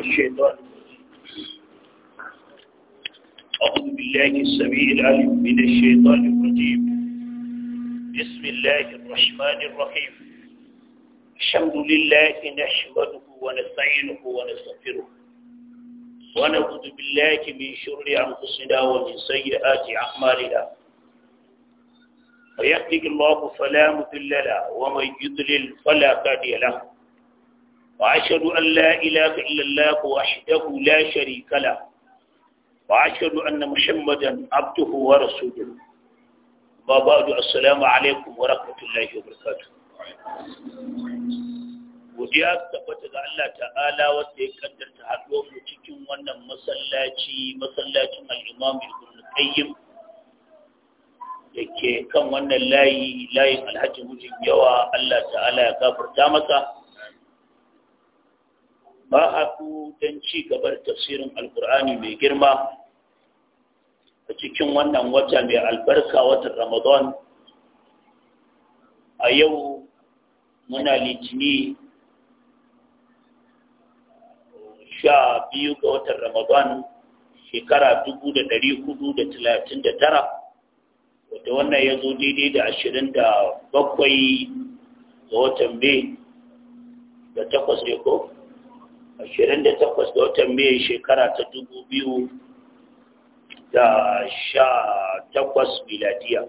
الشيطان أعوذ بالله السميع العليم من الشيطان الرجيم بسم الله الرحمن الرحيم الحمد لله نحمده ونستعينه ونستغفره ونعوذ بالله من شر أنفسنا ومن سيئات أعمالنا ويهدك الله فلا مضل له ومن يضلل فلا هادي له وأشهد أن لا إله إلا الله وحده لا شريك له وأشهد أن محمدا عبده ورسوله وبعد السلام عليكم ورحمة الله وبركاته godiya tabbata ga Allah ta'ala wanda ya kaddarta haɗuwar mu cikin wannan masallaci masallacin al-Imam Ibn Qayyim da ke kan wannan layi layin Alhaji Mujin Yawa Allah ta'ala ya gafarta masa ba a ku don ci gabar tafsirin alkur'ani mai girma a cikin wannan wata mai albarka watan ramadan a yau muna litini sha biyu ga watan ramadan shekara dubu da dari hudu da talatin da tara wata wannan ya zo daidai da ashirin da bakwai ga watan bai da takwas ne ko ashirin da takwas da watan mai shekara ta dubu biyu da sha takwas miladiya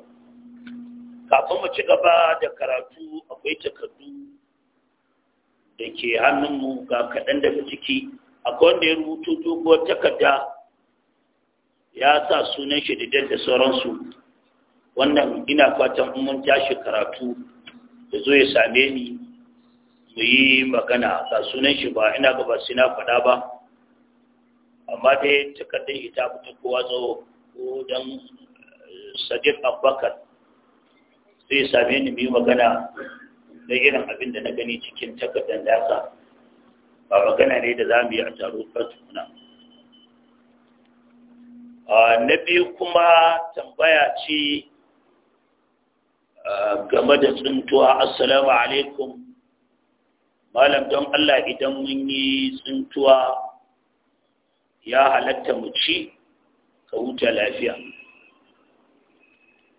kafin mu ci gaba da karatu akwai takardu da ke hannunmu ga kaɗan daga ciki akwai wanda ya rubuto doguwar takarda ya sa sunan shi da da sauransu wannan ina fatan mun tashi karatu da zo ya same ni mu yi magana ga sunan shi ba ina gaba su na faɗa ba amma dai takardar ita ta kowa zo ko don eh, sadiq abubakar zai same ni mu yi magana da irin abin da na gani cikin takardar dasa ba magana ne da za mu yi a taro suna na biyu kuma tambaya ce eh, game da tsuntuwa assalamu alaikum malam don Allah idan mun yi tsuntuwa ya halatta mu ci ka huta lafiya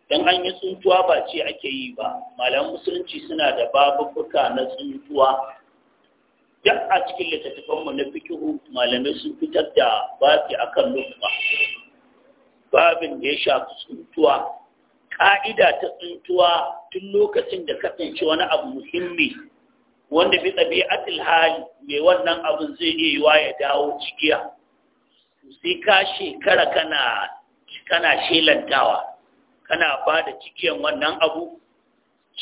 don an yi tsintuwa ba ce ake yi ba malam musulunci suna da babubuka na tsintuwa duk a cikin littattafanmu na fikihu malamai sun fitar da babi akan lukuma babin da ya shafi tsintuwa ƙa'ida ta tsuntuwa tun lokacin da ka tsinci wani abu muhimmi wanda bi ɗabi'atul hali mai wannan abin zai iya yiwa ya dawo cikiya sai ka shekara kana kana shelantawa kana ba da cikiyan wannan abu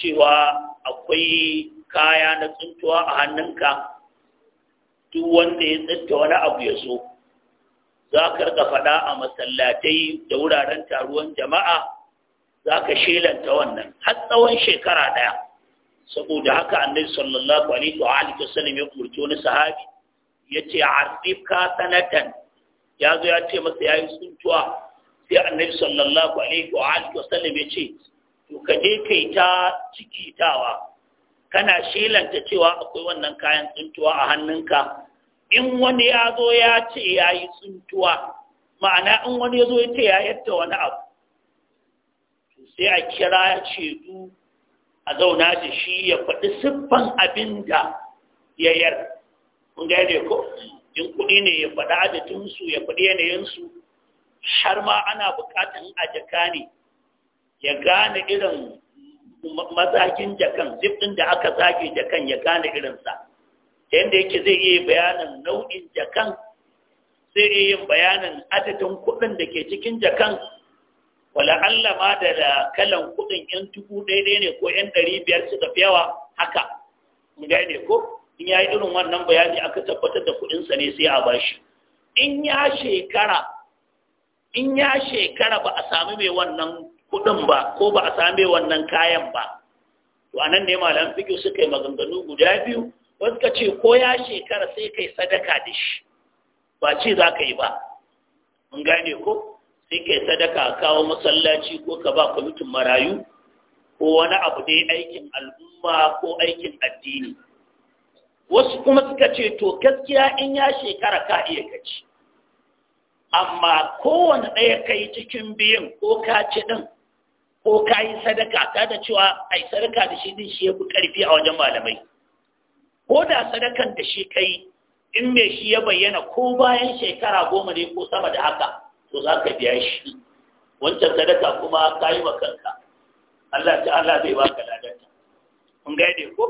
cewa akwai kaya na tsuntuwa a hannunka duk wanda ya tsinta wani abu ya so za ka rika faɗa a masallatai da wuraren taruwan jama'a za ka shelanta wannan har tsawon shekara ɗaya saboda haka annabi sallallahu alaihi wa alihi wasallam ya kurce wani sahabi yace arifka sanatan yazo ya ce masa yayi suntuwa sai annabi sallallahu alaihi wa alihi wasallam ya ce to ka je kai ta cikitawa kana shelanta cewa akwai wannan kayan tsuntuwa a hannunka in wani ya zo ya ce ya yi tsuntuwa ma'ana in wani ya zo ya ce ya yadda wani abu sai a kira ya ce du a zauna da shi ya faɗi siffan abin da ya yar kun gane ko in kuɗi ne ya faɗi adadinsu ya faɗi yanayinsu har ma ana buƙatan a jaka ne ya gane irin mazakin jakan duk ɗin da aka zage jakan ya gane irinsa yadda yake zai iya bayanin nau'in jakan zai iya yin bayanin adadin kuɗin da ke cikin jakan wala Allah ma da kalan kudin yan tuku daidai ne ko yan ɗari biyar suka fi yawa haka gane ko in ya yi irin wannan bayani aka tabbatar da kudinsa ne sai a bashi in ya shekara in ya shekara ba a sami mai wannan kudin ba ko ba a sami mai wannan kayan ba to anan ne malam Fikir suka yi maganganu guda biyu wasu ka ce ko ya shekara sai kai sadaka dishi ba ce za ka yi ba mun gane ko sai yi sadaka kawo masallaci ko ka ba kwamitin marayu ko wani abu dai aikin al'umma ko aikin addini wasu kuma suka ce to gaskiya in ya shekara ka iya kaci amma kowane ɗaya kai cikin biyan ko ka ci ɗin ko ka yi sadaka ta da cewa a yi sadaka da shi din shi ya fi ƙarfi a wajen malamai ko da sadakan da shi ka yi, in mai shi ya bayyana ko bayan shekara goma ne ko sama da haka to za ka biya shi wancan sadaka kuma ka yi wa kanka Allah Allah zai ba ka ladanta kun gaide ko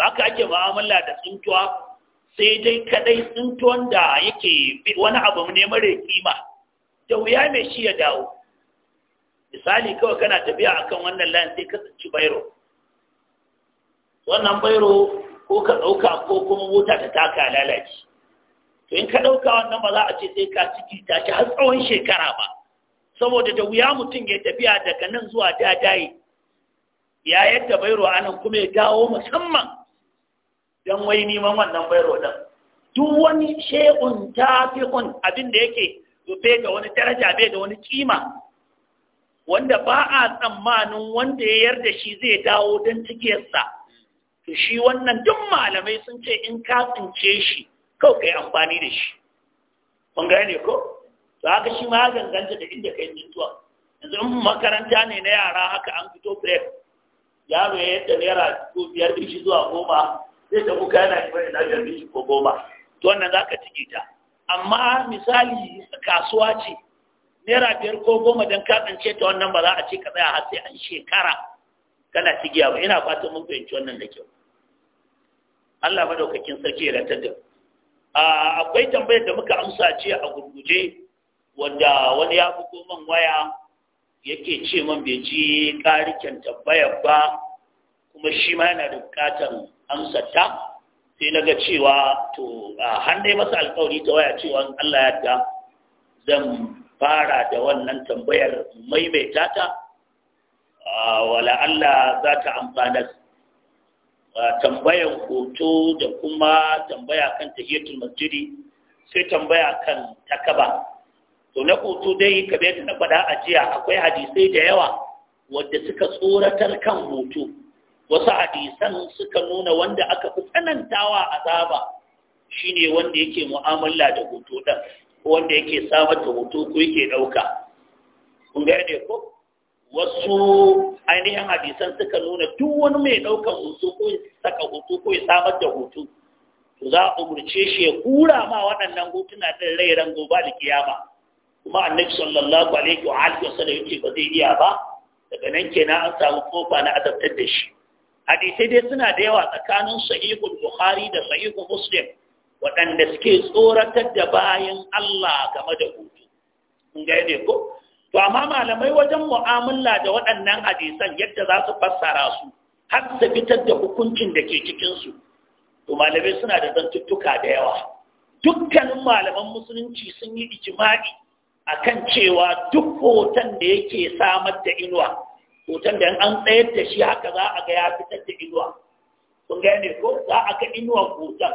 ka ake mu'amala da tsuntuwa sai dai kadai tsuntuwan da yake wani abu ne mare kima da wuya mai shi ya dawo misali kawai kana tafiya akan wannan layin sai ka tsinci bairo wannan bairo ko ka ɗauka ko kuma mota ta taka lalace to in ka ɗauka wannan ba za a ce sai ka ciki ta shi har tsawon shekara ba saboda da wuya mutum ya tafiya daga nan zuwa dadaye ya yadda bairo a kuma ya dawo musamman don wai neman wannan bairo ɗin duk wani shekun tafi'un abin da yake bai ga wani daraja bai da wani kima wanda ba a tsammanin wanda ya yarda shi zai dawo don cikiyarsa to shi wannan duk malamai sun ce in ka tsince shi kawai yi amfani da shi kun gane ko to haka shi ma ganganta da inda ka yi mintuwa. yanzu in makaranta ne na yara haka an fito prep yaro ya yadda naira ko biyar da shi zuwa goma zai tafi ka yana shi bane lafiyar da shi ko goma to wannan za ka cike ta amma misali kasuwa ce naira biyar ko goma don ka tsance ta wannan ba za a ce ka tsaya har sai an shekara kana cigiya ba ina fatan mun fahimci wannan da kyau Allah madaukakin sarki ya rantar da mu akwai tambayar da muka amsa ce a gurguje wanda wani ya buko man waya yake ce man bai ji ƙarikin tambayar ba kuma shi ma yana da bukatar amsar ta sai na ga cewa to har dai masa alkawari ta waya cewa Allah ya ta zan fara da wannan tambayar maimaita ta wala Allah za ta amfanar tambayar hoto da kuma tambaya kan tahiyatul masjidi sai tambaya kan takaba to na hoto dai ka yadda na faɗa a jiya akwai hadisai da yawa wanda suka tsoratar kan hoto wasu hadisan suka nuna wanda aka fi tsanantawa azaba shine wanda yake mu'amala da hoto ɗin wanda yake samar da hoto ko yake ɗauka kun gane ko wasu ainihin hadisan suka nuna duk wani mai ɗaukar hoto ko saka hoto ko ya samar da hoto to za a umurce shi ya kura ma waɗannan hotuna ɗin ran gobe da kiyama kuma annabi sallallahu alaihi wa alihi wa sallam yace ba zai iya ba daga nan kenan an samu kofa na azabtar da shi hadisai dai suna da yawa tsakanin sahihul bukhari da sahihul muslim waɗanda suke tsoratar da bayan Allah game da hoto kun ga ko to amma malamai wajen mu'amala da waɗannan hadisan yadda za su fassara su har su fitar da hukuncin da ke cikinsu, su to malamai suna da zantuttuka da yawa dukkanin malaman musulunci sun yi a kan cewa duk hoton da yake samar da inuwa hoton da an tsayar da shi haka za a ga ya fitar da inuwa kun ne ko za a ga inuwa hoton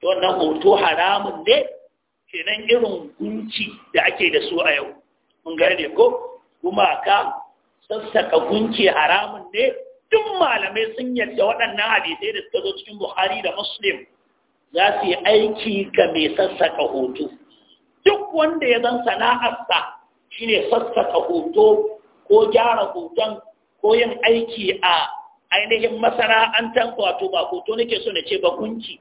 to wannan hoto haramun ne kenan irin gunci da ake da su a yau mun gane ko kuma ka sassaka gunki haramun ne duk malamai sun yadda waɗannan hadisai da suka zo cikin buhari da muslim za su yi aiki ga mai sassaka hoto duk wanda ya zan sana'ar sa shine sassaka hoto ko gyara hoton ko yin aiki a ainihin masana'antar wato ba hoto nake so na ce ba gunki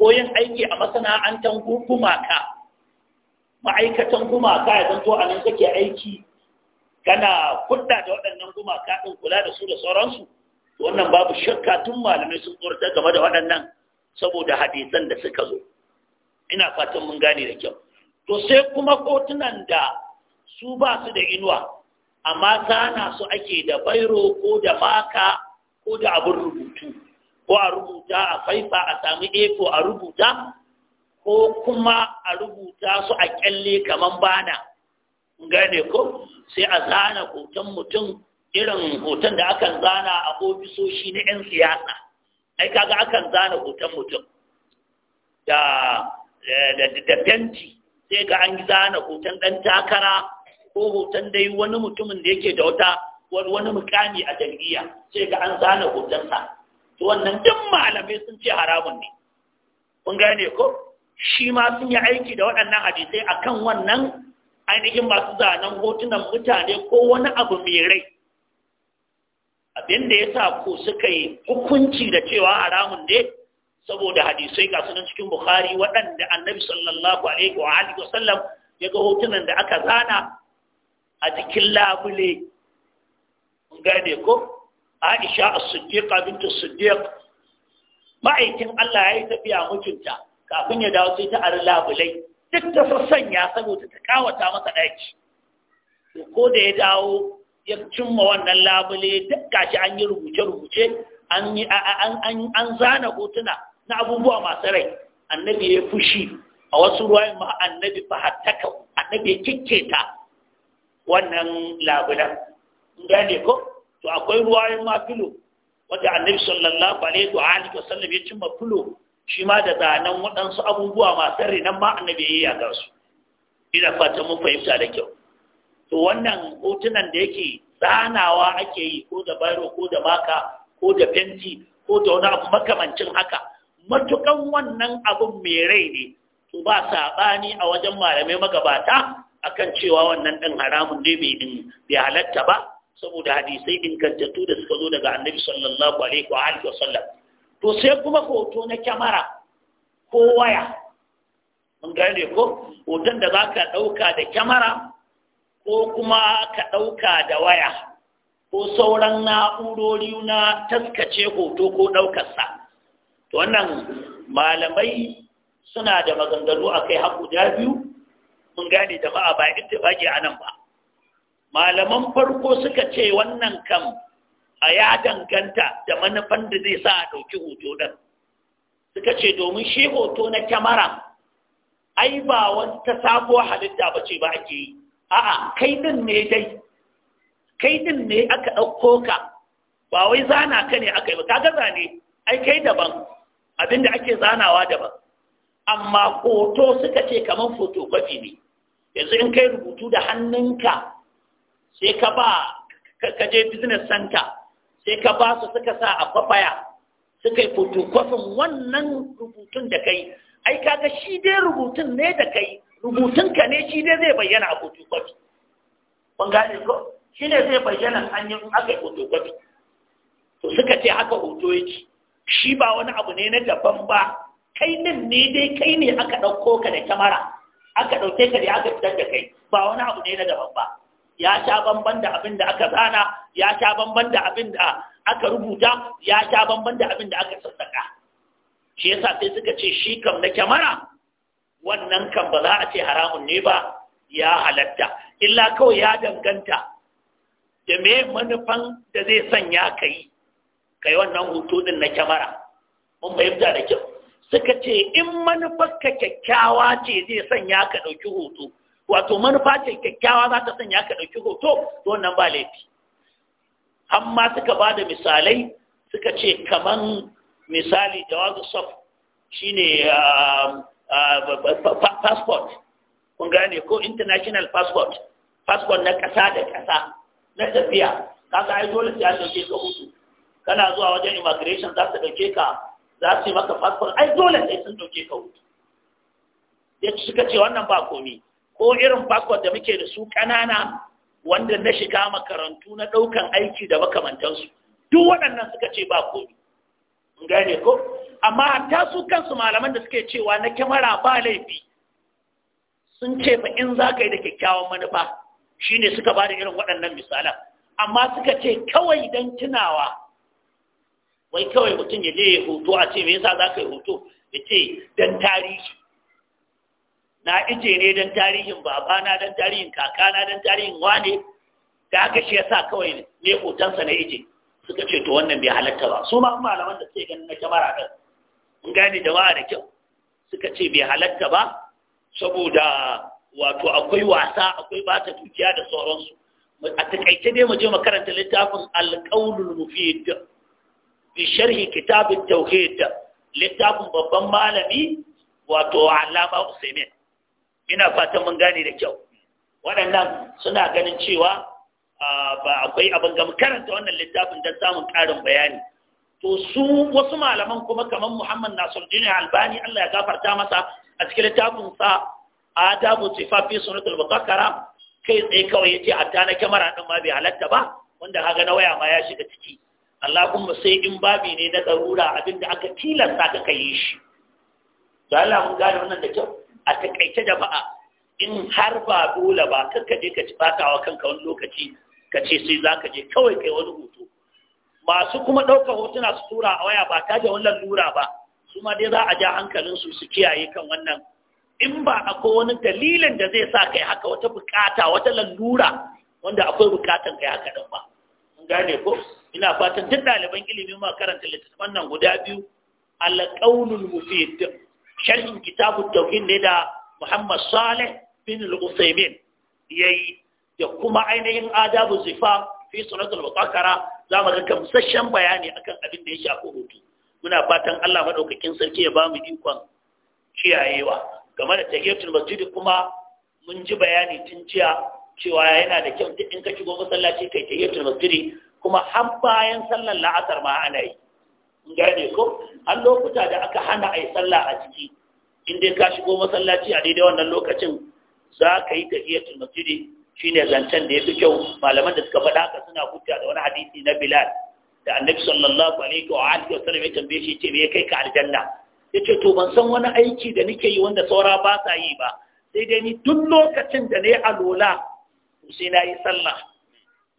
ko yin aiki a masana'antar gumaka ma'aikatan gumaka ya zanto a nan kake aiki kana kudda da waɗannan gumaka ɗin kula da su da sauransu wannan babu shakka tun malamai sun tsorata game da waɗannan saboda hadisan da suka zo ina fatan mun gane da kyau to sai kuma kotunan da su ba su da inuwa amma na su ake da bairo ko da baka ko da abin rubutu ko a rubuta a faifa a sami eko a rubuta ko kuma a rubuta su a kyalle kaman bana gane ko sai a zana hoton mutum irin hoton da akan zana a ofisoshi na 'yan siyasa ai kaga akan zana hoton mutum da da fenti sai ga an zana hoton ɗan takara ko hoton dai wani mutumin da yake da wata wani mukami a jam'iyya sai ga an zana hotonsa to wannan duk malamai sun ce haramun ne kun gane ko shi ma sun yi aiki da waɗannan hadisai a kan wannan ainihin masu zanen hotunan mutane ko wani abu mai rai abinda ya sa ku suka yi hukunci da cewa haramun ne saboda hadisai ga sunan cikin bukari, waɗanda annabi sallallahu alaihi wa alihi wa sallam ya ga hotunan da aka zana a jikin labule gane ko aisha as-siddiqa bintu siddiq ma'aikin Allah ya yi tafiya mutunta kafin ya dawo sai ta ari labulai duk ta sassanya saboda ta kawata masa ɗaki ko da ya dawo ya cimma wannan labule duk shi an yi rubuce-rubuce an zana hotuna na abubuwa masu rai annabi ya fushi a wasu ruwayin ma annabi fa hattaka annabi ya kikketa wannan labulan gane ko to akwai ruwayin ma filo wanda annabi sallallahu alaihi wa alihi wasallam ya cimma filo shi ma da zanen waɗansu abubuwa masu rina ma annabi ya a su ina fata mun fahimta da kyau to wannan hotunan da yake zanawa ake yi ko da bayro ko da maka ko da fenti ko da wani abu makamancin haka matukan wannan abun mai rai ne to ba saɓani a wajen malamai magabata akan cewa wannan ɗin haramun ne mai bai halatta ba saboda hadisai ingantattu da suka zo daga annabi sallallahu alaihi wa sallam to sai kuma hoto na kyamara ko waya mun gane ko hoton da za ka ɗauka da kyamara ko kuma ka ɗauka da waya ko sauran na'urori na taskace hoto ko ɗaukarsa to wannan malamai suna da maganganu a kai haku da biyu mun gane jama'a ba ke a nan ba malaman farko suka ce wannan kan. a ya danganta da manufan da zai sa a ɗauki hoto ɗin suka ce domin shi hoto na kyamara ai ba wata sabuwar halitta ba ce ba ake yi a'a kai ɗin ne dai kai ɗin ne aka ɗauko ka ba wai zana ka ne aka yi ba kaga zane ai kai daban abinda ake zanawa daban amma hoto suka ce kamar kwafi ne yanzu in kai rubutu da hannunka sai ka ba ka je business center sai ka ba su suka sa a kwafaya suka yi kwafin wannan rubutun da kai ai kaga shi dai rubutun ne da kai rubutun ka ne shi dai zai bayyana a fotokofi ban gane ko shi ne zai bayyana hanyar aka yi kwafi to suka ce haka hoto yake shi ba wani abu ne na daban ba kai din ne dai kai ne aka ɗauko ka da kyamara aka ɗauke ka da aka fitar da kai ba wani abu ne na daban ba ya sha bamban da abin da aka zana ya sha bamban da abin da aka rubuta ya sha bamban da abin da aka sassaka shi yasa sai suka ce shi kam na kyamara wannan kam ba za a ce haramun ne ba ya halatta illa kawai ya danganta da me manufan da zai sanya ka yi ka yi wannan hoto din na kyamara mun fahimta da kyau suka ce in manufar ka kyakkyawa ce zai sanya ka ɗauki hoto wato manufa ce kyakkyawa za ta sanya ka ɗauki hoto to wannan ba laifi amma suka ba da misalai suka ce kaman misali jawazu saf ne ah, ah, passport kun gane ko international passport passport na ƙasa da ƙasa na tafiya kaga ai dole sai ɗauke ka hutu kana zuwa wajen immigration za su ɗauke ka za su yi maka passport ai dole sai sun ɗauke ka hutu ya suka ce wannan ba komi ko irin backward da muke da su ƙanana wanda na shiga makarantu na ɗaukan aiki da makamantansu duk waɗannan suka ce ba komi gane ko amma hatta su kansu malaman da suke cewa na kyamara ba laifi sun ce fa in za ka yi da kyakkyawan manufa shine suka ba da irin waɗannan misalan amma suka ce kawai don tunawa wai kawai mutum ya je ya hoto a ce me yasa za ka yi hoto ya ce don tarihi na ije ne don tarihin babana don tarihin kakana don tarihin wane da aka shi ya sa kawai ne hotonsa na ije suka ce to wannan bai halatta ba su ma malaman da sai ganin na kyamara ɗan in gane jama'a da kyau suka ce bai halatta ba saboda wato akwai wasa akwai bata dukiya da sauransu a takaice dai mu je mu karanta littafin alƙaulul mufid bi sharhi kitabut tauhid littafin babban malami wato alama usaimin ina fatan mun gane da kyau waɗannan suna ganin cewa ba akwai abin gama karanta wannan littafin don samun ƙarin bayani to su wasu malaman kuma kamar muhammad nasiruddin albani allah ya gafarta masa a cikin littafin sa adabu sifafi sunatul muqaddara kai tsaye kawai yace hatta na kyamara din ma bai halatta ba wanda kaga na waya ma ya shiga ciki kuma sai in babi ne na darura abinda aka tilasta ka kai shi da Allah mun gane wannan da kyau a takaice da ba'a, in har ba dole ba ka je ka ci batawa kanka wani lokaci ka ce sai za ka je kawai kai wani hoto masu kuma ɗaukar hotuna su tura a waya ba ta da wannan lura ba su ma dai za a ja hankalin su su kiyaye kan wannan in ba akwai wani dalilin da zai sa kai haka wata bukata wata lalura wanda akwai bukatan kai haka ɗin ba gane ko ina fatan duk ɗaliban ilimin ma karanta littattafan nan guda biyu alƙaunul mufid sharhin kitabun tauhid ne da Muhammad Saleh bin al ya yayi da kuma ainihin adabu zifa fi sunatul baqara za mu ga kamsashen bayani akan abin da ya shafi hutu muna fatan Allah madaukakin sarki ya ba mu ikon kiyayewa game da tahiyatul masjid kuma mun ji bayani tun jiya cewa yana da kyau in ka shigo masallaci kai tahiyatul masjid kuma har bayan sallar la'asar ma ana yi gane ko an lokuta da aka hana a yi sallah a ciki in dai ka shigo masallaci a daidai wannan lokacin za ka yi tahiyatul Shi ne zancen da ya fi kyau malaman da suka faɗa ka suna hujja da wani hadisi na bilal da annabi sallallahu alaihi wa alihi wa sallam ya tambaye shi ce me ya kai ka aljanna yace to ban san wani aiki da nake yi wanda saura ba sa yi ba sai dai ni duk lokacin da nayi alola sai na yi sallah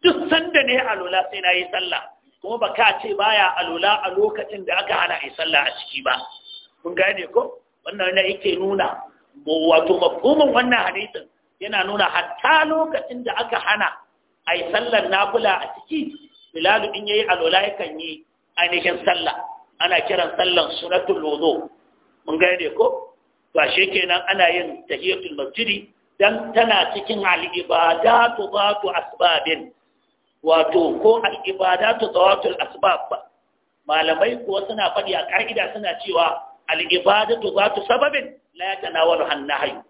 duk sanda nayi alola sai na yi sallah kuma ba ka ce baya alula a lokacin da aka hana a sallah a ciki ba mun gane ko wannan ne yake nuna wato mafhumin wannan hadisin yana nuna hatta lokacin da aka hana a sallar nafila a ciki bilalu in yayi alula yakan yi ainihin sallah ana kiran sallan sunatul wudu mun gane ko to ashe kenan ana yin tahiyatul masjidi dan tana cikin al-ibadatu tu asbabin wato ko al'ibadatu zawatul asbab ba malamai kuwa suna faɗi a ƙa'ida suna cewa al'ibadatu zatu sababin la ya tanawalu hannahayu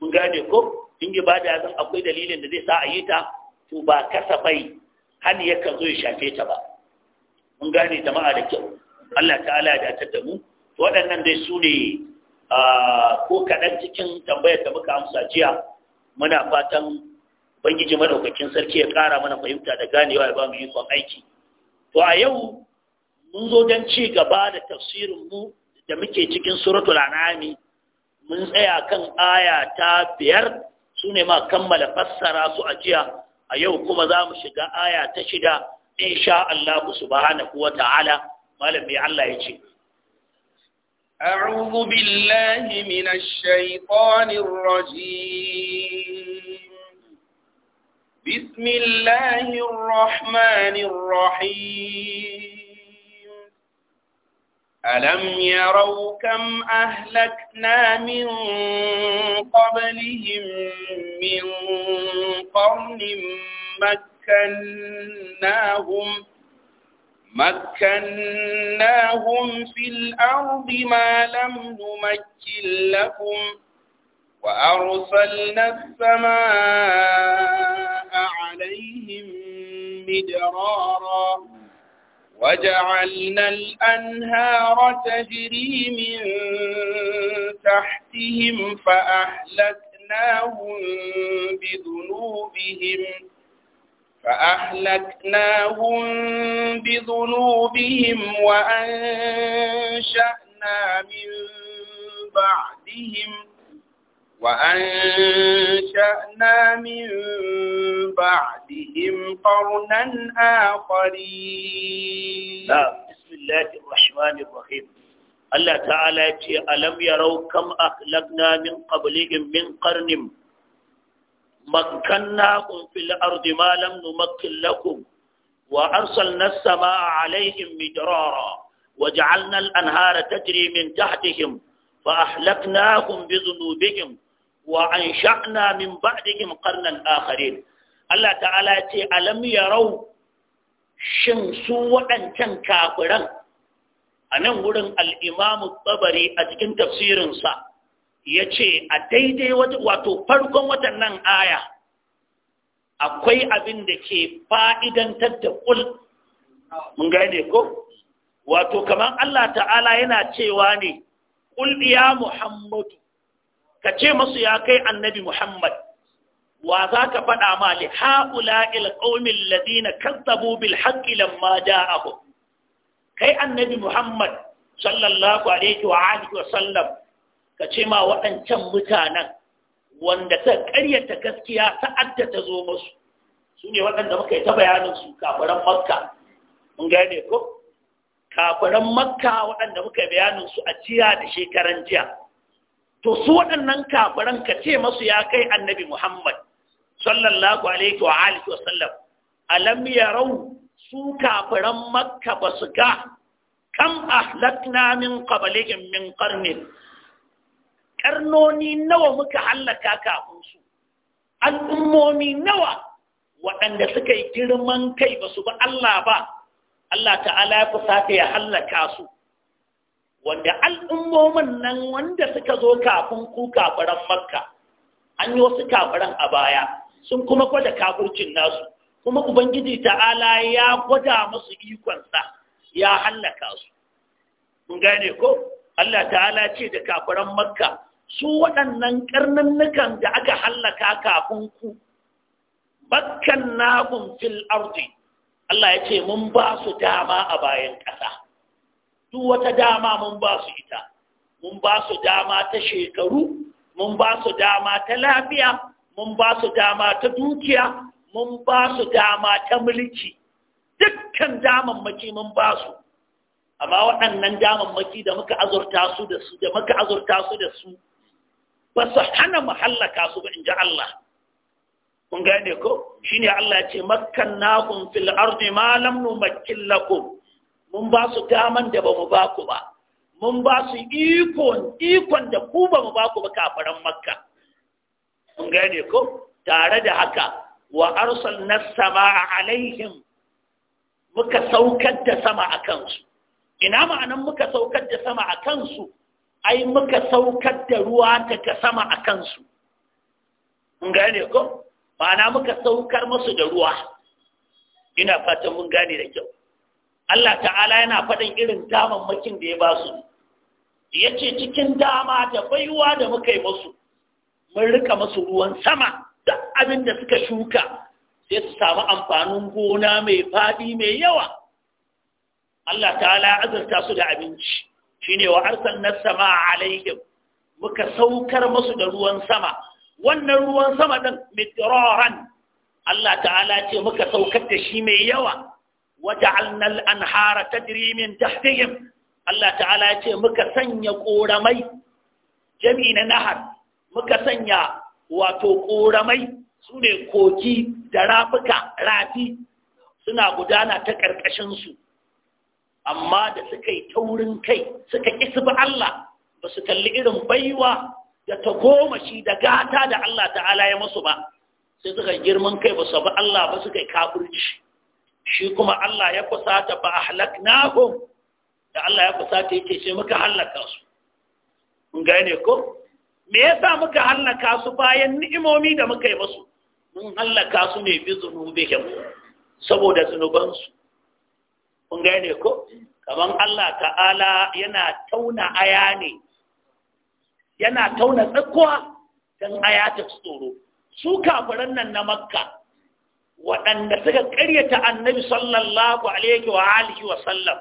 mun gane ko in ibada zan akwai dalilin da zai sa a yi ta to ba kasa kasafai hani yakan zo ya shafe ta ba mun gane jama'a da kyau Allah ta'ala ya da mu waɗannan dai su ne ah, ko kaɗan cikin tambayar da muka amsa jiya muna fatan bangiji madaukakin sarki ya kara mana fahimta da ganewa ya ba mu ikon aiki to a yau mun zo don ci gaba da tafsirin mu da muke cikin suratul anami mun tsaya kan aya ta biyar su ne ma kammala fassara su a jiya a yau kuma za mu shiga aya ta shida insha Allah subhanahu wa ta'ala malam mai Allah ya ce أعوذ بالله من الشيطان الرجيم بسم الله الرحمن الرحيم ألم يروا كم أهلكنا من قبلهم من قرن مكناهم مكناهم في الأرض ما لم نمكن لهم وأرسلنا السماء عليهم مدرارا وجعلنا الأنهار تجري من تحتهم فأهلكناهم بذنوبهم فأهلكناهم بذنوبهم وأنشأنا من بعدهم وأنشأنا من بعدهم قرنا آخرين نعم بسم الله الرحمن الرحيم الله تعالى يتي ألم يروا كم أخلقنا من قبلهم من قرن مكناكم في الأرض ما لم نمكن لكم وأرسلنا السماء عليهم مدرارا وجعلنا الأنهار تجري من تحتهم فأحلقناهم بذنوبهم وأنشأنا من بعدهم قرنا آخرين Allah ta'ala ya ce alam yarau shin su waɗancan kafiran a nan wurin al'imamu tsabari a cikin tafsirinsa ya ce a daidai wato farkon watannan aya akwai abin da ke fa'idan da ƙul mun gane ko wato kamar Allah ta'ala yana cewa ne ƙul ya muhammadu ka masu ya kai annabi muhammad wa za ka faɗa ma li haula il qaumin ladina kazzabu bil haqqi lamma ja'ahum kai annabi muhammad sallallahu alaihi wa alihi wa sallam ka ce ma waɗancan mutanen wanda ta ƙaryata gaskiya sa'ad da ta zo musu su ne waɗanda muka yi ta bayanin su kafiran makka mun gane ko kafiran makka waɗanda muka yi bayanin su a jiya da shekaran jiya to su waɗannan kafiran ka ce masu ya kai annabi muhammad sallallahu alaihi wa alihi wa sallam alam yarau su kafiran makka ba su ga kam ahlakna min qablihim min qarnin karnoni nawa muka hallaka kafin su al'ummomi nawa waɗanda suka yi girman kai ba su ba Allah ba Allah ta'ala ya ta ya halaka su wanda al'ummomin nan wanda suka zo kafin ku kafiran makka an yi wasu kafiran a baya sun kuma gwada kafircin nasu kuma ubangiji ta'ala ya gwada musu ikonsa ya hallaka su mun gane ko Allah ta'ala ce da kafiran makka su waɗannan karnannukan da aka hallaka kafin ku bakkan nagun fil ardi Allah ya ce mun ba su dama a bayan ƙasa duk wata dama mun ba su ita mun ba su dama ta shekaru mun ba su dama ta lafiya mun ba su dama ta dukiya mun ba su dama ta mulki dukkan damammaki mun ba su amma waɗannan damammaki da muka azurta su da su da muka azurta su da su ba su hana mu hallaka su ba in ji Allah kun gane ko shine Allah ya ce makkannakum fil ardi ma lam makin lakum mun ba su daman da ba mu ba ku ba mun ba su ikon ikon da ku ba mu ba ku ba kafaran makka mun gane ko tare da haka wa arsalna samaa alaihim muka saukar da sama a kansu ina ma'anan muka saukar da sama a kansu ai muka saukar da ruwa daga sama a kansu mun gane ko ma'ana muka saukar musu da ruwa ina fatan mun gane da kyau Allah ta'ala yana faɗin irin damammakin da ya ba su ya ce cikin dama da baiwa da muka yi musu mun rika masu ruwan sama duk abin da suka shuka sai su samu amfanin gona mai faɗi mai yawa Allah ta'ala azurta su da abinci shine wa arsalna samaa alaihim muka saukar musu da ruwan sama wannan ruwan sama din mitraran Allah ta'ala ce muka saukar da shi mai yawa wa ja'alna al-anhara tajri min tahtihim Allah ta'ala ce muka sanya koramai jami'in na nahar muka sanya wato ƙoramai su ne koki da rafuka rafi suna gudana ta ƙarƙashinsu amma da suka yi taurin kai suka ƙi ba Allah ba su kalli irin baiwa da ta goma shi da gata da Allah ta'ala ya masu ba sai suka girman kai ba su bi Allah ba suka yi kaburci shi kuma Allah ya kusa ta ba ahlaknahum da Allah ya kusa ta yake sai muka halaka su mun gane ko me yasa muka hallaka su bayan ni'imomi da muka yi musu mun hallaka su ne bi zunubihim saboda zunubansu kun gane ko kaman Allah ta'ala yana tauna aya ne yana tauna don aya ta tsoro su kafiran nan na makka waɗanda suka ƙaryata annabi sallallahu alaihi wa alihi wa sallam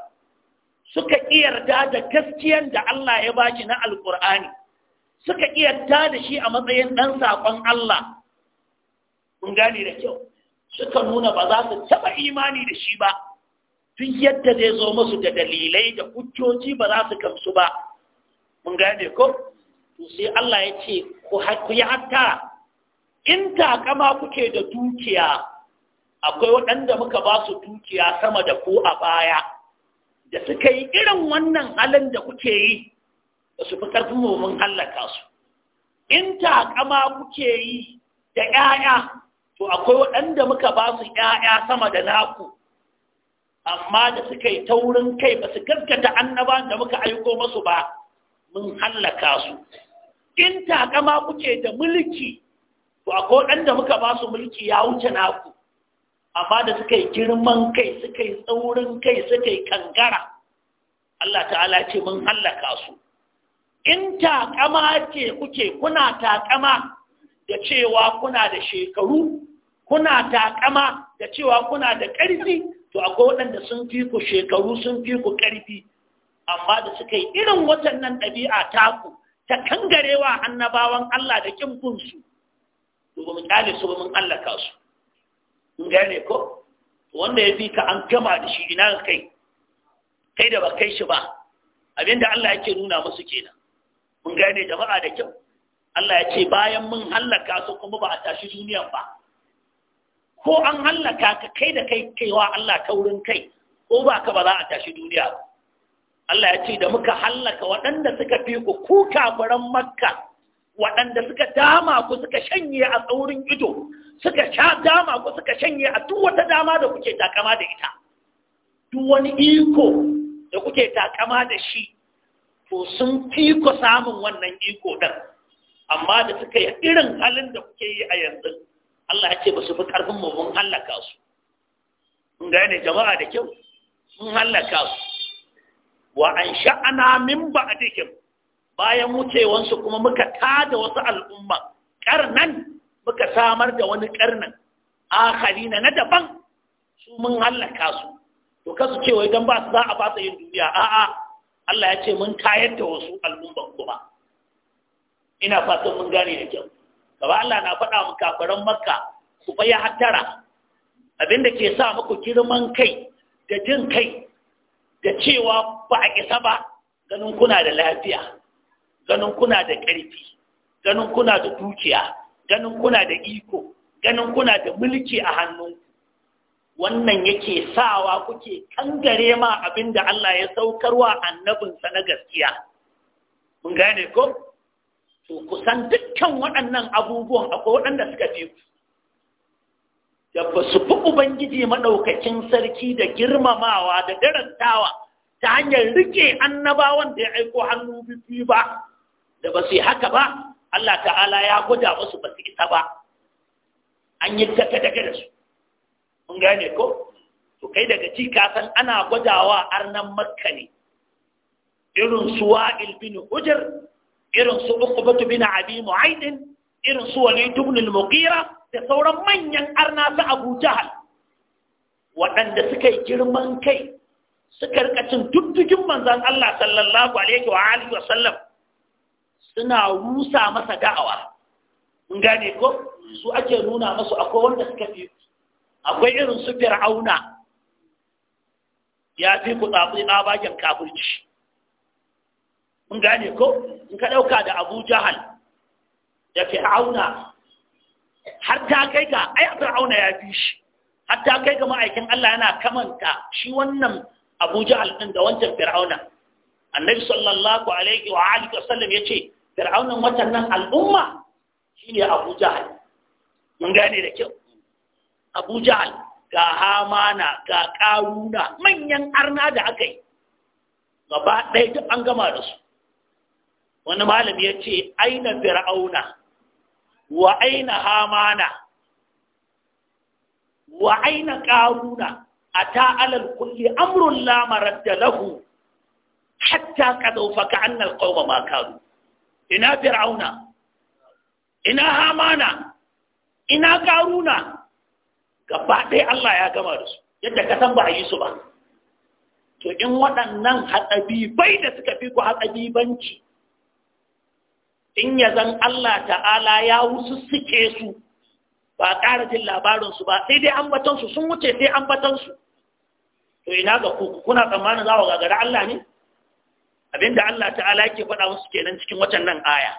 suka iyarda da gaskiyar da Allah ya baki na alƙur'ani suka iya ta da shi a matsayin ɗan saƙon Allah mun gane da kyau suka nuna ba za su taɓa imani da shi ba tun yadda zai zo musu da dalilai da hujjoji ba za su gamsu ba mun gane ko sai Allah ya ce ku yi hatta in takama kuke da dukiya akwai waɗanda muka ba su dukiya sama da ku a baya da suka yi irin wannan halin da kuke yi da su fi ƙarfin mummun hallaka su in ta kama kuke yi da 'ya'ya to akwai waɗanda muka ba su 'ya'ya sama da naku amma da suka yi taurin kai ba su gaskata annaba da muka aiko masu ba mun hallaka su in ta kama kuke da mulki to akwai waɗanda muka ba su mulki ya wuce naku amma da suka yi girman kai suka yi tsaurin kai suka yi kangara Allah ta'ala ce mun hallaka su in taƙama ce kuke kuna taƙama da cewa kuna da shekaru kuna taƙama da cewa kuna da ƙarfi to akwai waɗanda sun fi ku shekaru sun fi ku ƙarfi amma da suka yi irin watannan ɗabi'a taku ta kangarewa annabawan Allah da kin kunsu to ba mu su ba mun allaka su in gane ko wanda ya fi ka an gama da shi ina kai kai da ba kai shi ba abinda Allah yake nuna musu kenan mun gane jama'a da kyau Allah ya ce bayan mun hallaka su kuma ba a tashi duniyan ba ko an hallaka ka kai da kai kaiwa Allah wurin kai ko ba ka ba za a tashi duniya ba Allah ya ce da muka hallaka waɗanda suka fi ku ku kafiran makka waɗanda suka dama ku suka shanye a tsaurin ido suka sha dama ku suka shanye a duk wata dama da kuke takama da ita duk wani iko da kuke takama da shi to sun fi ku samun wannan iko ɗan. amma da suka yi irin halin da kuke yi a yanzu Allah ya ce ba su fi ƙarfin mu mun hallaka su mun gane jama'a da kyau mun hallaka su wa an sha'ana min ba'dikum bayan wucewansu kuma muka tada wasu al'umma karnan muka samar da wani karnan akhari na na daban su mun hallaka su to kasu cewa idan ba su za a fasa yin duniya a'a Allah ya ce mun kayar da wasu al'umma kuma ina fatan mun gane da kyau gaba Allah na faɗa mu kafaran makka ku fa ya hattara abinda ke sa muku girman kai da jin kai da cewa ba a isa ba ganin kuna da lafiya ganin kuna da ƙarfi ganin kuna da dukiya ganin kuna da iko ganin kuna da mulki a hannunku wannan yake sawa kuke kangare ma abinda Allah ya saukarwa annabinsa na gaskiya. Mun gane ko? To kusan dukkan waɗannan abubuwan akwai waɗanda suka fi ku. Da ba su fi Ubangiji maɗaukacin sarki da girmamawa da darantawa ta hanyar riƙe annabawan da ya aiko hannu biyu ba, da ba su yi haka ba, Allah ta'ala ya gwada musu ba su isa ba. An yi daga-daga da su. mun gane ko to kai daga ci ana gwadawa arnan makka ne irin su wa'il bin hujr irin su uqbatu bin abi mu'ayd irin su walid ibn al da sauran manyan arna su abu jahal waɗanda suka yi girman kai suka rika cin manzan manzon Allah sallallahu alaihi wa alihi wa sallam suna rusa masa da'awa mun gane ko su ake nuna masu akwai wanda suka fi akwai irin su fir'auna ya fi ku tsatsi na bakin kafirci mun gane ko in ka ɗauka da abu jahal da fir'auna har ta kai ga ai fir'auna ya fi shi har ta kai ga ma'aikin Allah yana kamanta shi wannan abu jahal ɗin da wancan fir'auna annabi sallallahu alaihi wa alihi wasallam ya ce fir'aunan watan nan al'umma shine abu jahal mun gane da kyau Abuja ga hamana ga karuna manyan arna da aka yi gaba ɗaya duk an gama da su wani malami ya ce aina fir'auna wa aina hamana wa aina karuna a ta'alar kulle amurin lamarar da lahu hatta ka zaufa annal ƙauma makaru ina fir'auna ina hamana ina karuna gaba ɗaya Allah ya gama da su yadda ka san ba a yi su ba to in waɗannan bai da suka fi ku banki, in ya zan Allah ta'ala ya wusu suke su ba ƙara jin su ba sai dai su, sun wuce sai su. to ina ga ku kuna tsammanin za ku gagara Allah ne abinda Allah ta'ala yake faɗa musu kenan cikin watan nan aya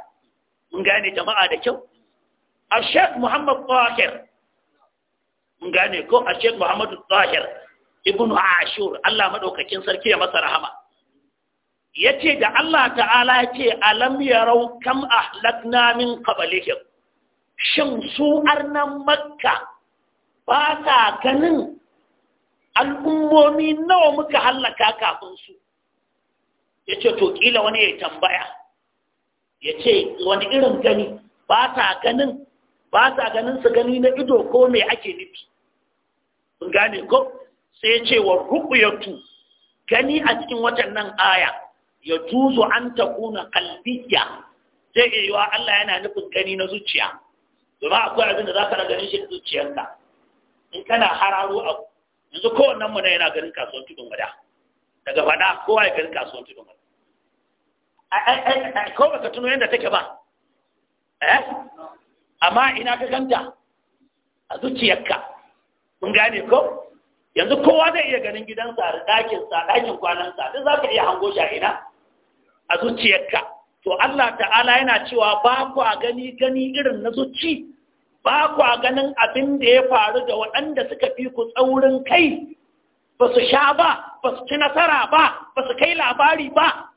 mun gane jama'a da kyau Al Al-Sheikh Muhammad Qahir mun gane ko a Sheikh Muhammadu Zahir ibn Ashur Allah madaukakin sarki ya masa rahama yace da Allah ta'ala yace alam yarau kam ahlakna min qablihim shin su arnan makka ba sa ganin al'ummomi nawa muka hallaka kafin su ya ce to kila wani ya tambaya ya ce wani irin gani ba ta ganin ba sa ganin su gani na ido ko me ake nufi sun gane ko sai ce wa ruqyatu gani a cikin watannan aya ya tuzo an ta kuna kalbiya zai iya yiwa Allah yana nufin gani na zuciya domin akwai abin da za ka ganin shi da zuciyarka in kana hararo abu yanzu kowannen mu ne yana ganin kasuwar tudun wada daga fada kowa ya ganin kasuwar tudun wada ko ka tuno yadda take ba eh amma ina ka ganta a zuciyarka mun gane ko yanzu kowa zai iya ganin gidansa da ɗakinsa ɗakin kwanansa duk za ka iya hango shi a ina a zuciyarka to Allah ta'ala yana cewa ba ku a gani gani irin na zuci ba ku a ganin abin da ya faru da waɗanda suka fi ku tsaurin kai ba su sha ba ba su ci nasara ba ba su kai labari ba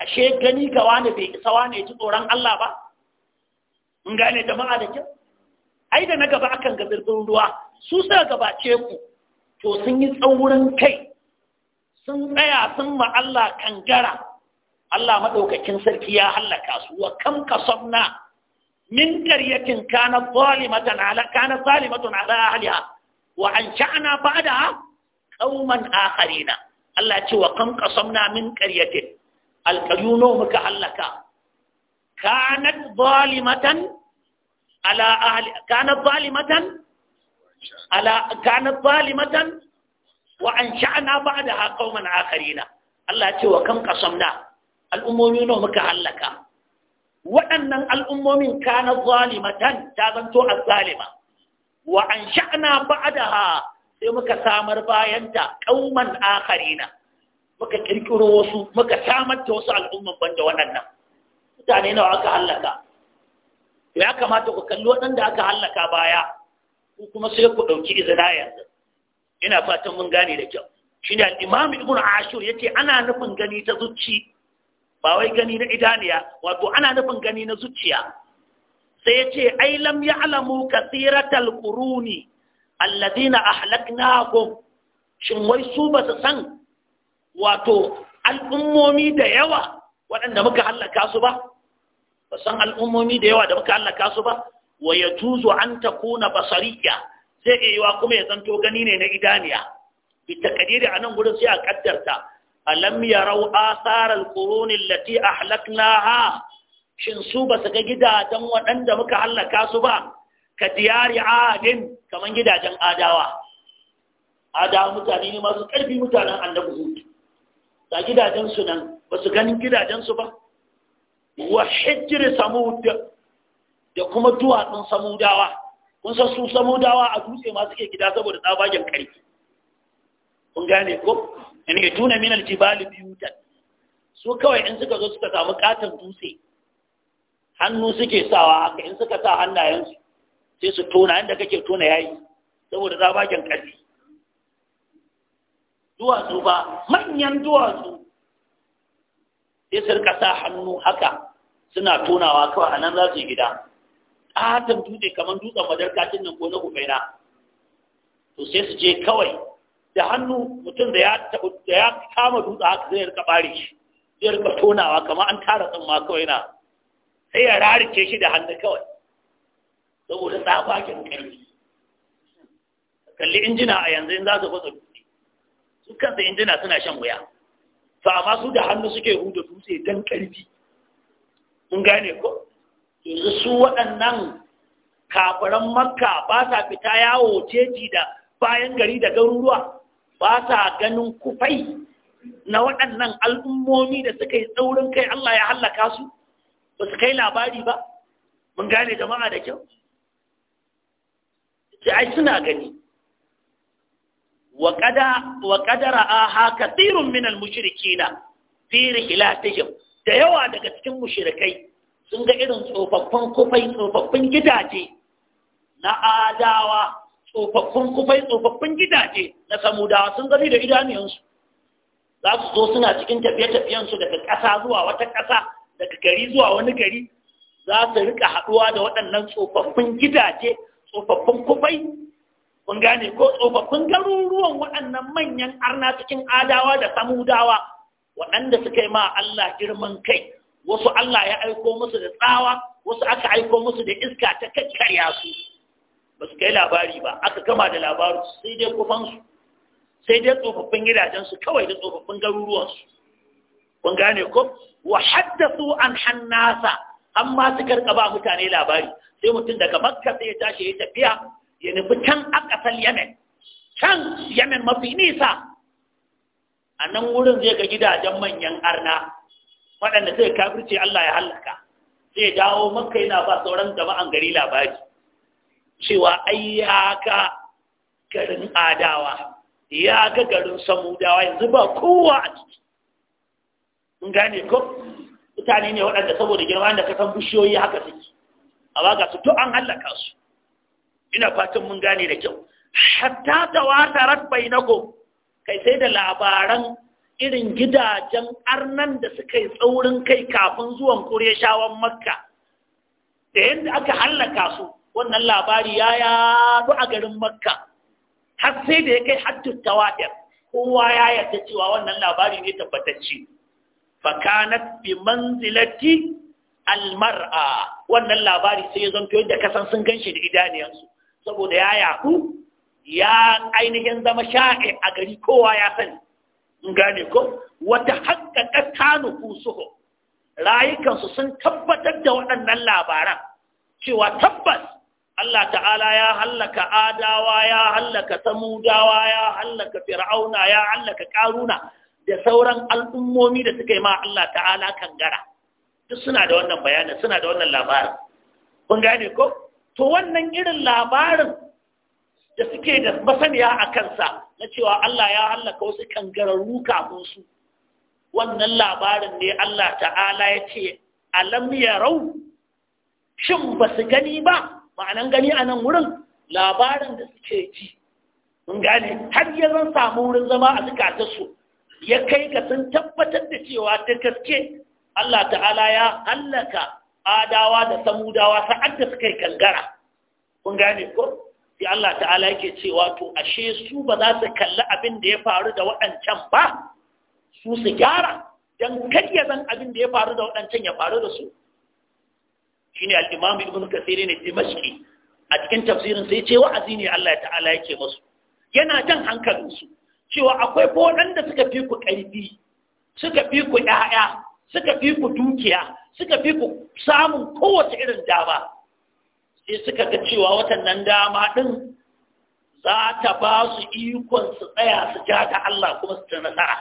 ashe gani ga wani bai isa wani ya ji tsoron Allah ba mun gane jama'a da kyau ai da na gaba akan ga zirgin ruwa su suka gabace ku to sun yi tsaurin kai sun tsaya sun ma Allah kangara Allah madaukakin sarki ya hallaka su wa kam kasabna min qaryatin kana zalimatan ala kana zalimatun ala ahliha wa ansha'na ba'daha qauman akharina Allah ce wa kam qasamna min qaryatin alqayuno muka hallaka kanat zalimatan ala ahli kanat zalimatan ala kanat zalimatan wa Allah ce wa kam qasamna al'ummomi nawa muka halaka waɗannan al'ummomin kana zalimatan ta zanto sai muka samar bayanta kauman akharina muka kirkiro wasu muka samar da wasu al'umman banda waɗannan mutane nawa aka hallaka ya kamata ku kalli waɗanda aka hallaka baya ku kuma sai ku ɗauki izina yanzu ina fatan mun gane da kyau shi ne al'imam ibn ashur ya ce ana nufin gani ta zuci ba wai gani na idaniya wato ana nufin gani na zuciya sai ya ce ai lam ya alamu kasiratal quruni alladina ahlaknahum shin wai su ba su san wato al'ummomi da yawa waɗanda muka hallaka su ba ba san al'ummomi da yawa da muka halaka su ba wa ya juzu an ta kuna basariya zai iya yiwa kuma ya zanto gani ne na idaniya bi takadiri a nan gudun sai a kaddarta alam yarau asarar quruni allati ahlaknaha shin su ba su ga gidajen waɗanda muka halaka su ba ka diyari adin kamar gidajen adawa adawa mutane ne masu ƙarfi mutanen annabi hud gidajen su nan ba su ganin su ba wa hijri samud da kuma duwatsun samudawa kun san su samudawa a dutse ma suke gida saboda tsabagen ƙarfi kun gane ko in ya tuna min aljibali biyuta su kawai in suka zo suka samu katon dutse hannu suke sawa haka in suka sa hannayensu sai su tona inda kake tona yayi saboda tsabagen ƙarfi duwatsu ba manyan duwatsu sai su rika sa hannu haka suna tonawa kawai a nan za su yi gida ƙaton dutse kamar dutsen madarkacin nan ko na hufaina to sai su je kawai da hannu mutum da ya kama dutse haka zai rika bare shi zai rika tonawa kamar an tara ma kawai na sai ya rarike shi da hannu kawai saboda tsafakin ƙarfi kalli injina a yanzu in za su fasa dutse su kansa injina suna shan wuya to amma su da hannu suke huda dutse don ƙarfi mun gane ko yanzu su waɗannan kafiran makka ba sa fita yawo teji da bayan gari da garuruwa ba sa ganin kufai na waɗannan al'ummomi da suka yi tsaurin kai Allah ya hallaka su ba su kai labari ba mun gane jama'a da kyau sai ai suna gani wa qadara aha kathirun min al-mushrikeena fi rihlatihim da yawa daga cikin mushrikai sun ga irin tsofaffin kufai tsofaffin gidaje na adawa tsofaffin kufai tsofaffin gidaje na samudawa sun gani da idanunsu za su zo suna cikin tafiye-tafiyensu daga ƙasa zuwa wata ƙasa daga gari zuwa wani gari za su rika haɗuwa da waɗannan tsofaffin gidaje tsofaffin kufai kun gane ko tsofaffin garuruwan waɗannan manyan arna cikin adawa da samudawa waɗanda suka yi ma Allah girman kai wasu Allah ya aiko musu da tsawa wasu aka aiko musu da iska ta kakkarya su ba su kai labari ba aka gama da labaru sai dai kufansu sai dai tsofaffin gidajensu kawai da tsofaffin garuruwansu kun gane ko wa haddathu an hannasa amma su karka ba mutane labari sai mutum daga makka sai ya tashi ya tafiya ya nufi can akasal yamen can yamen mafi nisa a nan wurin zai ga gidajen manyan arna waɗanda sai kafirce Allah ya halaka zai dawo maka yana ba sauran jama'an gari labari cewa ai ya ga garin adawa ya ga garin samudawa yanzu ba kowa a ciki in gane ko mutane ne waɗanda saboda girma da kasan bishiyoyi haka suke a ga su to an halaka su ina fatan mun gane da kyau hatta tawatarat bainakum kai sai da labaran irin gidajen arnan da suka yi tsaurin kai kafin zuwan kureshawan makka da yadda aka hallaka su wannan labari ya yadu a garin makka har sai da ya kai hattun tawadar kowa ya yarda cewa wannan labari ne tabbatacce fakanat bi manzilati almar'a wannan labari sai ya zanto yadda kasan sun ganshi da idaniyansu saboda ya yaku ya ainihin zama sha'i a gari kowa ya sani in gane ko wata haƙaƙa ta nufusuhu rayukansu sun tabbatar da waɗannan labaran cewa tabbas Allah ta'ala ya hallaka adawa ya hallaka samudawa ya hallaka fir'auna ya hallaka karuna da sauran al'ummomi da suka yi ma Allah ta'ala kangara duk suna da wannan bayanin suna da wannan labarin kun gane ko to wannan irin labarin da suke da masaniya a kansa na cewa Allah ya hallaka wasu kangararru kafin su wannan labarin ne Allah ta'ala ya ce alam yarau shin ba su gani ba ma'anan gani a nan wurin labarin da suke ji mun gane har ya zan samu wurin zama a su ya kai ga sun tabbatar da cewa ta gaske Allah ta'ala ya hallaka adawa da samudawa sa'ad da suka yi kangara kun gane ko sai Allah ta'ala yake cewa to ashe su ba za su kalli abin da ya faru da waɗancan ba su su gyara don ya zan abin da ya faru da waɗancan ya faru da su shi ne al'imam ibn kasiri ne dimashki a cikin tafsirin sai ce wa'azi ne Allah ta'ala yake masu yana jan su. cewa akwai ko waɗanda suka fi ku ƙarfi suka fi ku ‘ya'ya suka fi ku dukiya suka fi ku samun kowace irin daba? sai suka ga cewa watannan dama ɗin za ta ba su ikon su tsaya su ja da Allah kuma su ta nasara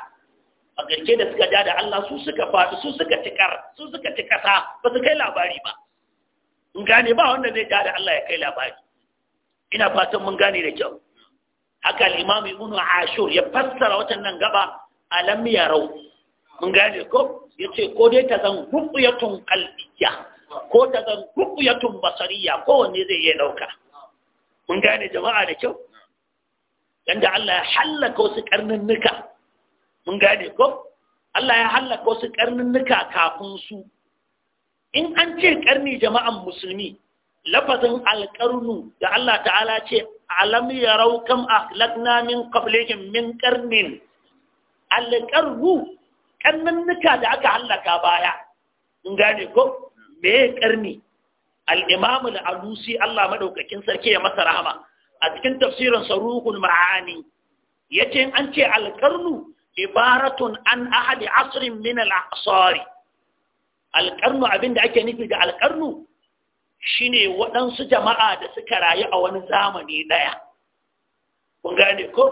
a garke da suka ja da Allah su suka faɗi su suka tikar su suka tikasa ba su kai labari ba in gane ba wanda zai ja da Allah ya kai labari ina fatan mun gane da kyau haka al-imam ibn ashur ya fassara watannan nan gaba alam yarau mun gane ko yace ko dai ta zan rubuyatun qalbiyya ko ta zan ruqyatun basariya kowanne zai iya dauka mun gane jama'a da kyau yanda Allah ya hallaka wasu karnannuka mun gane ko Allah ya hallaka wasu karnannuka kafin su in an ce karni jama'an musulmi lafazin alƙarnu da Allah ta'ala ce alam yarau kam ahlakna min qablihim min ƙarnin alƙarnu kannan nuka da aka hallaka baya mun gane ko me karni al-imam al-alusi Allah madaukakin sarki ya masa rahama a cikin tafsirin saruhul ma'ani yace an ce al-qarnu ibaratun an ahadi asrin min al-asari al-qarnu abinda ake nufi da al-qarnu shine waɗansu jama'a da suka rayu a wani zamani daya kun gane ko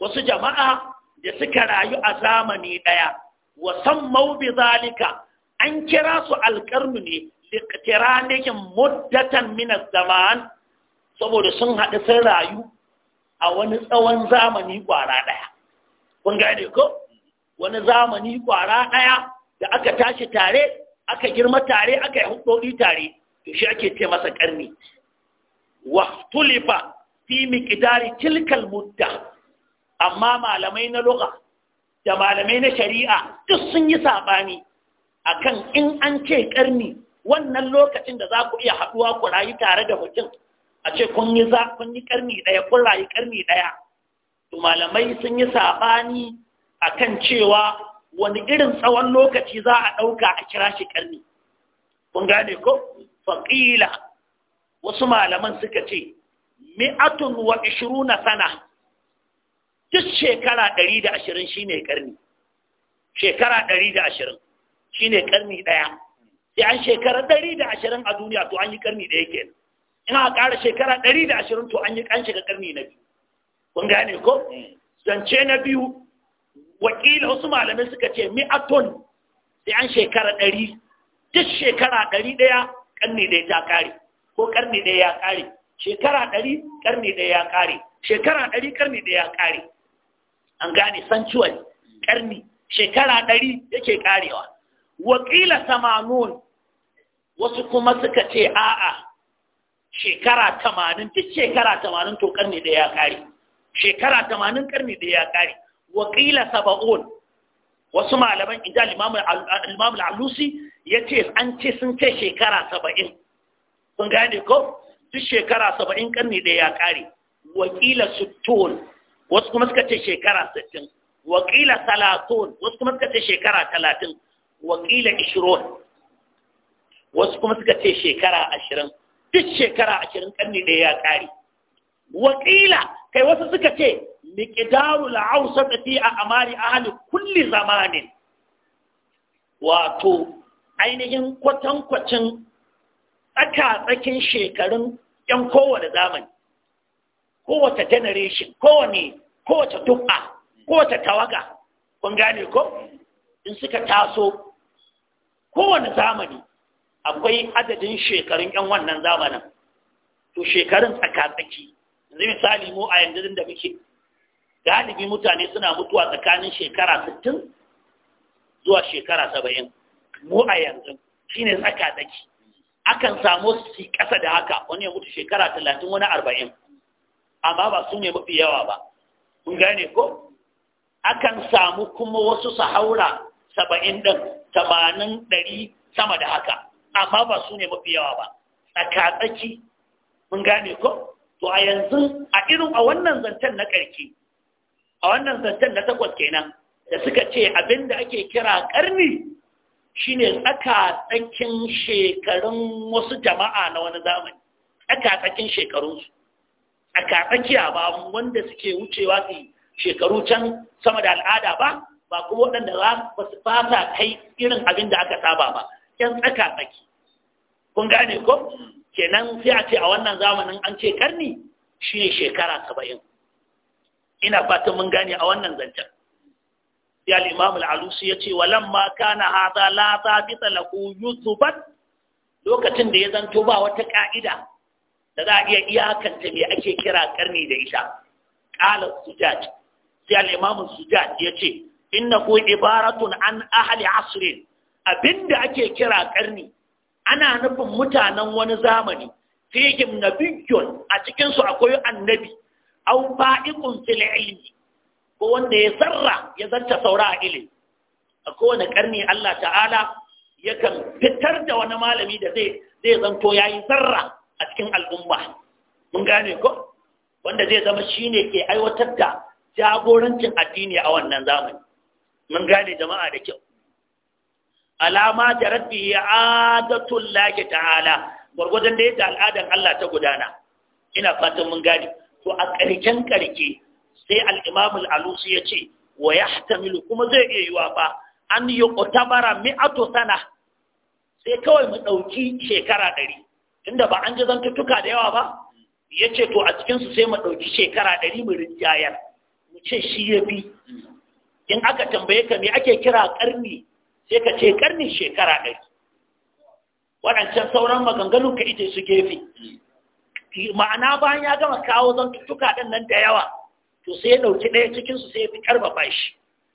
wasu jama'a da suka rayu a zamani ɗaya, wa sammau bi zalika an kira su alƙarnu ne nekin muddatan mina zaman saboda sun haɗu sun rayu a wani tsawon zamani ƙwara ɗaya kun gane ko wani zamani ƙwara ɗaya da aka tashi tare aka girma tare aka yi hudodi tare to shi ake ce masa ƙarni wa tulifa fi miƙidari tilkal mudda amma malamai na loka da malamai na shari'a duk sun yi saɓani. akan in an ce karni wannan lokacin da za ku iya haɗuwa ku rayu tare da mutum a ce kun yi za kun yi karni ɗaya kun rayu karni ɗaya to malamai sun yi saɓani akan cewa wani irin tsawon lokaci za a ɗauka a kira shi karni kun gane ko faƙila wasu malaman suka ce mi'atun wa ishiruna sana duk shekara ɗari da ashirin shine karni shekara ɗari da ashirin shine karni daya sai an shekara ɗari da ashirin a duniya to an yi karni daya kenan in a ƙara shekara ɗari da ashirin to an yi an shiga karni na biyu kun gane ko zance na biyu wakila wasu malamai suka ce mi'aton sai an shekara ɗari duk shekara ɗari ɗaya ƙarni ɗaya ta ƙare ko ƙarni ɗaya ya ƙare shekara ɗari ƙarni ɗaya ya ƙare shekara ɗari ƙarni ɗaya ya ƙare an gane sanctuary ƙarni shekara ɗari yake ƙarewa waƙila tamanun wasu kuma suka ce a'a shekara tamanin duk shekara tamanin to karni da ya ƙare shekara tamanin karni da ya ƙare waƙila saba'un wasu malaman idan limamu alusi ya ce an ce sun ce shekara saba'in kun gane ko duk shekara saba'in karni da ya ƙare waƙila sutton wasu kuma suka ce shekara sittin waƙila talatin wasu kuma suka ce shekara talatin wakila ishirun wasu kuma suka ce shekara ashirin duk shekara ashirin karni ɗaya ya ƙari. wakila kai wasu suka ce miƙidaru la'ausa fi a amari hannun kulli zamanin wato ainihin kwatankwacin tsaka-tsakin shekarun ‘yan kowane zamani kowace generation kowane kowace tuba kowace tawaga kun gane ko in suka taso kowane zamani akwai adadin shekarun ƴan wannan zamanin to shekarun tsakatsaki yanzu misali mu a yanzu da muke galibi mutane suna mutuwa tsakanin shekara 60 zuwa shekara 70 mu a yanzu shine tsakatsaki akan samu su kasa da haka wani ya mutu shekara 30 wani 40 amma ba su ne mafi yawa ba kun gane ko akan samu kuma wasu su haura saba'in ɗin tamanin ɗari sama da haka amma ba su ne mafi yawa ba tsakatsaki mun gane ko to a yanzu a irin a wannan zancen na ƙarki a wannan zancen na takwas kenan da suka ce abin da ake kira ƙarni shine tsakatsakin shekarun wasu jama'a na wani zamani tsakatsakin shekarunsu tsakatsakiya ba wanda suke wucewa su shekaru can sama da al'ada ba ba kuma waɗanda za ba su fata kai irin abin da aka saba ba yan tsaka tsaki kun gane ko kenan sai a ce a wannan zamanin an ce karni shi ne shekara saba'in ina fatan mun gane a wannan zancen ya limamu al-alusi ya ce walamma kana hadha la bi lahu yutubat lokacin da ya zanto ba wata ka'ida da za a iya iyakanta me ake kira karni da ita Ƙalar sujaj sai al-imam sujaj ya ce innahu ibaratun an ahli asrin abinda ake kira karni ana nufin mutanen wani zamani fihim nabiyyun a cikin su akwai annabi aw fa'iqun fil ilmi ko wanda ya sarra ya zanta saura a ilimi a kowane karni Allah ta'ala yakan fitar da wani malami da zai zai zanto yayi sarra a cikin al'umma mun gane ko wanda zai zama shine ke aiwatar da jagorancin addini a wannan zamani mun gane jama'a da kyau alama da rabbi ya adatul laki ta'ala gurgurdan da yadda al'adan Allah ta gudana ina fatan mun gane to a karken ƙarke sai al-imam al-alusi yace ce wa yahtamilu kuma zai iya yiwa fa an yi mi'atu sana sai kawai mu ɗauki shekara ɗari tunda ba an ji zantuttuka da yawa ba yace to a cikin su sai mu ɗauki shekara ɗari mu rinjayar mu ce shi ya bi. in aka tambaye ka me ake kira karni sai ka ce karni shekara ɗari waɗancan sauran maganganun ka ita su gefe ma'ana bayan ya gama kawo zan tuka ɗin nan da yawa to sai ya ɗauki ɗaya cikinsu sai ya fi ƙarfafa shi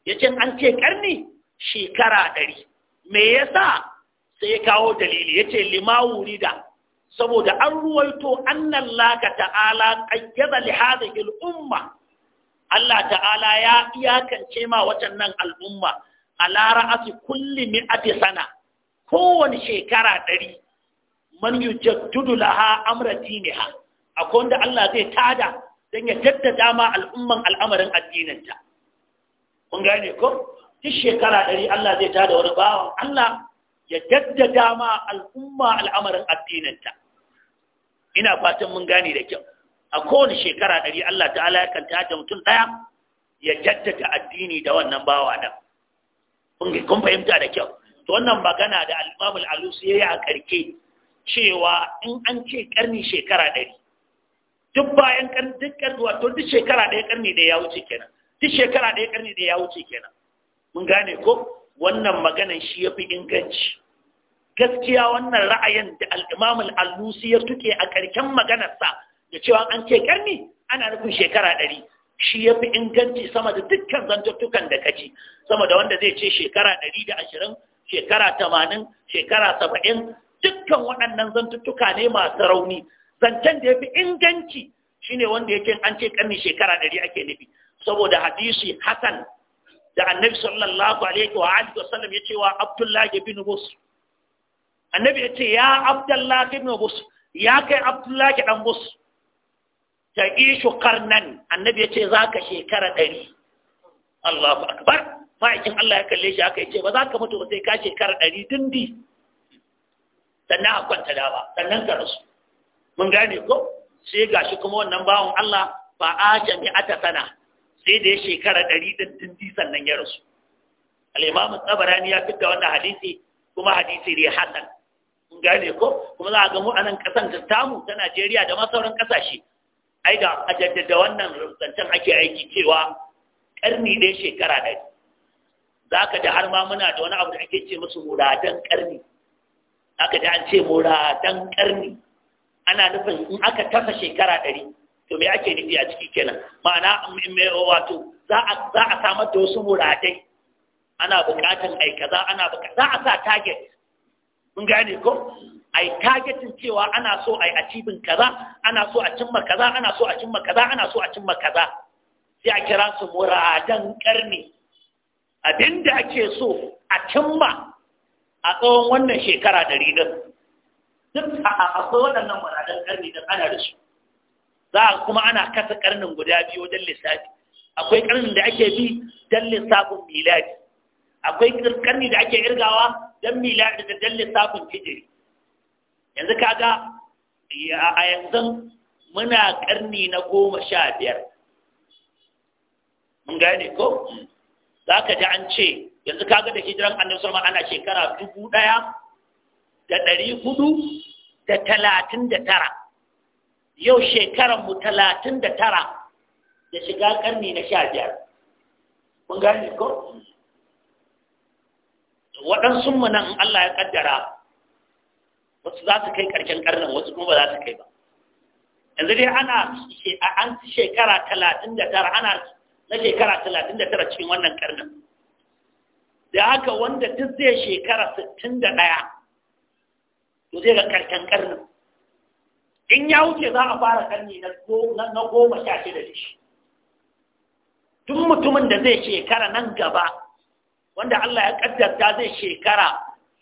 ya ce an ce ƙarni shekara ɗari me yasa sai ya kawo dalili ya ce lima saboda an ruwaito annan laka ta'ala ƙayyada li hadhihi al-umma Allah ta'ala ya iyakance ma watannan al'umma a lara'asi kulli mi'ati sana kowane shekara ɗari man yujaddudu laha amra diniha akwai wanda Allah zai tada don ya jaddada ma al'umman al'amarin addinanta. kun gane ko duk shekara ɗari Allah zai tada wani bawan Allah ya jaddada ma al'umma al'amarin addinanta. ina fatan mun gane da kyau a kowane shekara ɗari Allah ta'ala ya kanta da mutum ɗaya ya jaddada addini da wannan bawa nan kun fahimta da kyau to wannan magana da al-imamul ya yi a ƙarke cewa in an ce ƙarni shekara ɗari duk bayan ƙarni duk karni wato duk shekara ɗaya ƙarni da ya wuce kenan duk shekara ɗaya ƙarni da ya wuce kenan mun gane ko wannan maganan shi ya fi inganci gaskiya wannan ra'ayin da al-imamul alusi ya tuke a ƙarken maganarsa da cewa an ce karni ana nufin shekara ɗari shi ya fi inganci sama da dukkan zantuttukan da kaci sama da wanda zai ce shekara ɗari da ashirin shekara tamanin shekara saba'in dukkan waɗannan zantuttuka ne masu rauni zancen da ya fi inganci shi ne wanda yake an ce karni shekara ɗari ake nufi saboda hadisi hasan da annabi sallallahu alaihi wa alihi wasallam ya ce wa abdullahi bin bus annabi ya ce ya abdullahi bin bus ya kai abdullahi dan bus ta ishu karnan annabi ya ce za ka shekara ɗari Allahu akbar ma'aikin Allah ya kalle shi aka yi ce ba za ka mutu ba sai ka shekara ɗari di sannan a kwanta ba, sannan ka rasu mun gane ko sai ga shi kuma wannan bawan Allah ba a a ta sana sai da ya shekara ɗari ɗin di sannan ya rasu al'imamu tsabarani ya fitta wannan hadisi kuma hadisi ne hasan mun gane ko kuma za a ga mu a nan ƙasan tamu ta Najeriya da ma sauran ƙasashe Aida, a da wannan zancen ake aiki cewa karni ne shekara ɗari za ka da har ma muna da wani abu da ake ce musu muradan karni aka da an ce muradan karni ana nufin in aka tafa shekara ɗari to me ake nufi a ciki kenan ma'ana wato za a samar da wasu muradai ana buƙatan ai kaza ana buƙatan za a sa target mun gane ko ai targetin cewa ana so ai achieving kaza ana so a cimma kaza ana so a cimma kaza ana so a cimma kaza sai a kira su muradan karni abinda ake so a cimma a tsawon wannan shekara da ɗin duk a akwai waɗannan muradan karni da ana da su za a kuma ana kasa karnin guda biyu wajen lissafi akwai karnin da ake bi don lissafin miladi akwai karni da ake irgawa dan mila da dan safin hijiri yanzu kaga a yanzu muna karni na goma sha biyar mun gane ko za ka ji an ce yanzu kaga da hijiran annabi salman ana shekara dubu ɗaya da ɗari hudu da talatin da tara yau shekaranmu talatin da tara da shiga karni na sha biyar mun gane ko waɗansu mu nan Allah ya kaddara wasu za su kai ƙarshen ƙarnin wasu kuma ba za su kai ba yanzu dai ana an shekara talatin da tara ana na shekara talatin da tara cikin wannan ƙarnin da haka wanda duk zai shekara sittin da ɗaya to zai ga ƙarshen ƙarnin in ya wuce za a fara ƙarni na goma sha shida da shi tun mutumin da zai shekara nan gaba wanda Allah ya kaddarta zai shekara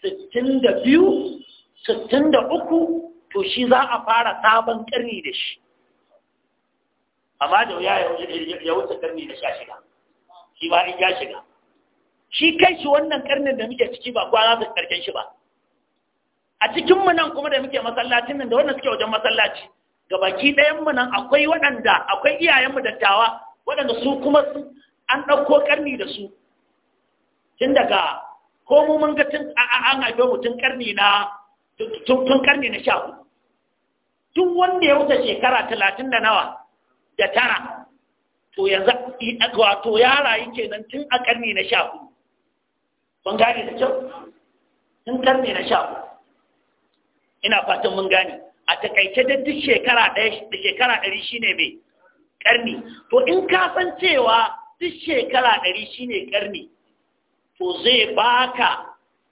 62 63 to shi za a fara sabon karni da shi amma da ya ya wuce karni da sha shiga shi ba in ya shiga shi kai shi wannan karnin da muke ciki ba za su karken shi ba a cikin mu nan kuma da muke masallacin nan da wannan suke wajen masallaci ga baki ɗayan mu nan akwai waɗanda akwai iyayen mu dattawa waɗanda su kuma an ɗauko karni da su tun daga ko mun ga tun an haife mu tun karni na tun karni na sha tun wanda ya wuce shekara talatin da nawa da tara to yanzu wato ya rayu nan tun a karni na sha hudu mun gane da kyau tun karni na sha ina fatan mun gane a takaice da duk shekara ɗaya da shekara ɗari shine mai ƙarni to in ka san cewa duk shekara ɗari shine ƙarni to zai baka